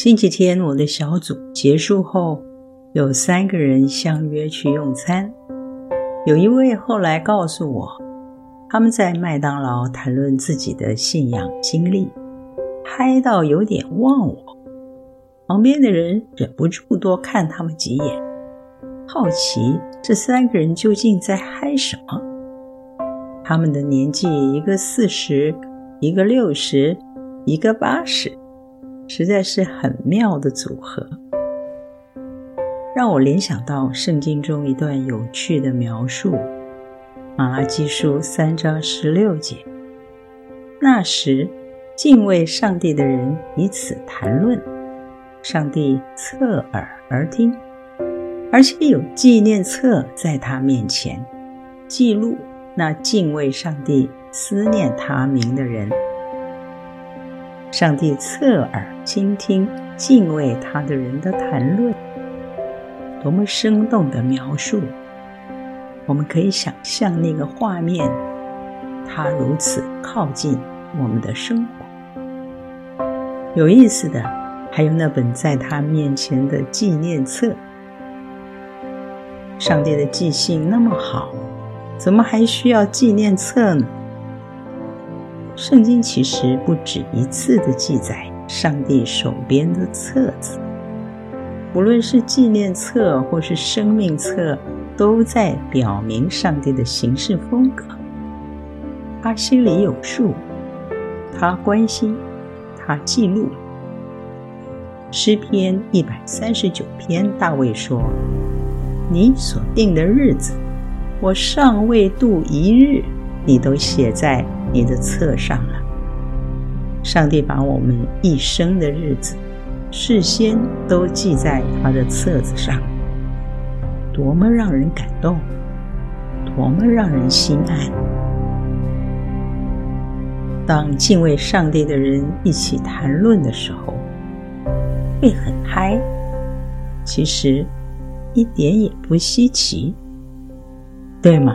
星期天，我的小組結束後，有三個人相約去用餐。有一位後來告訴我，他們在麥當勞談論自己的信仰經歷，嗨到有點忘我。旁邊的人忍不住多看他們幾眼，好奇這三個人究竟在嗨什麼。他們的年紀，一個四十，一個六十，一個八十。實在是很妙的組合，讓我聯想到聖經中一段有趣的描述，《馬拉基書》三章十六節。那時，敬畏上帝的人以此談論，上帝側耳而聽，而且有紀念冊在他面前，記錄那敬畏上帝、思念他名的人。上帝側耳傾聽，敬畏他的人的談論，多麼生動的描述，我們可以想象那個畫面，他如此靠近我們的生活。有意思的，還有那本在他面前的紀念冊。上帝的記性那麼好，怎麼還需要紀念冊呢？聖經其實不止一次的記載上帝手邊的冊子，無論是紀念冊或是生命冊，都在表明上帝的行事風格。他心裡有數，他關心，他記錄。詩篇一百三十九篇，大衛說：“你所定的日子，我尚未度一日，你都寫在。”你的冊上了啊。上帝把我們一生的日子事先都記在他的冊子上，多麼讓人感動，多麼讓人心安。當敬畏上帝的人一起談論的時候，會很嗨，其實一點也不稀奇，對嗎？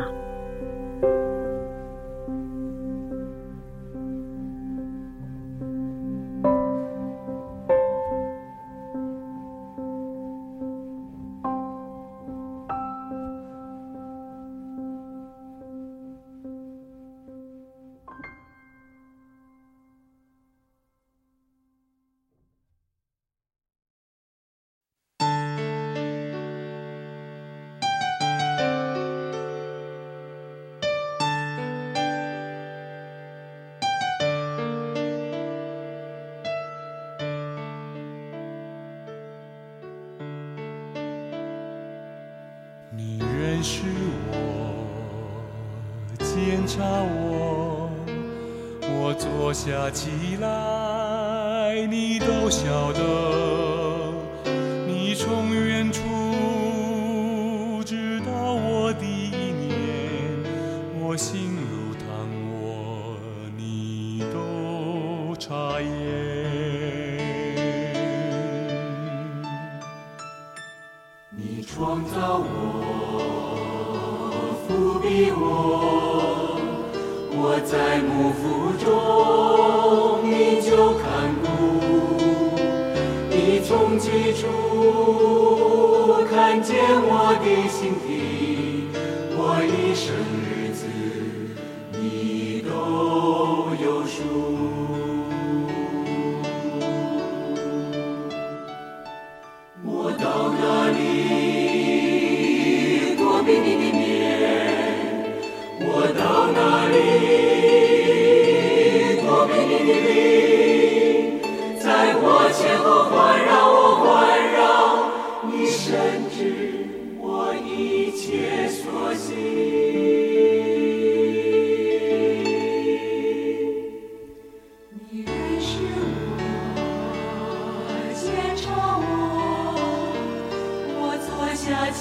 是我鑒察我，我坐下起來，你都曉得。你從遠處知道我的意念，我心如湯我，你都察言。你創造我。覆庇我，我在母腹中，你就看顧，你從起初看見我的形體，我一生。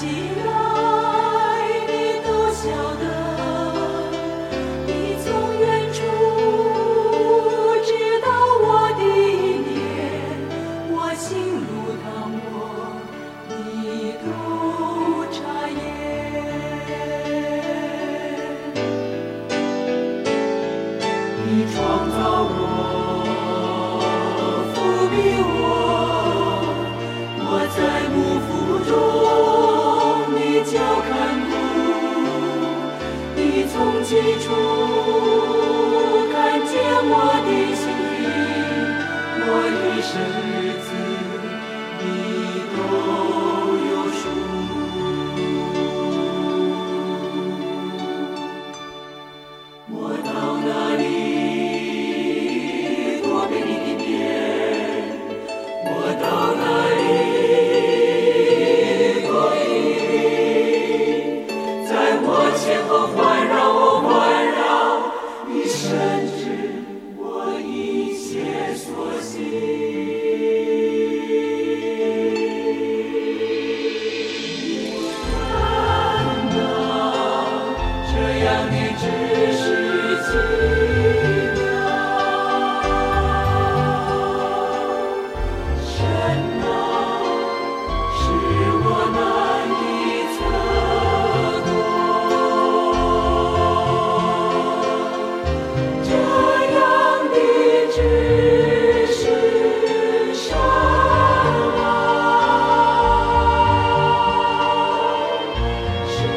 起來，你都曉得。你從遠處知道我的意念，我心如湯火，你都察言。你創造我，覆庇我，我在母腹中。就看顧你從起初看見我的心靈，我一生。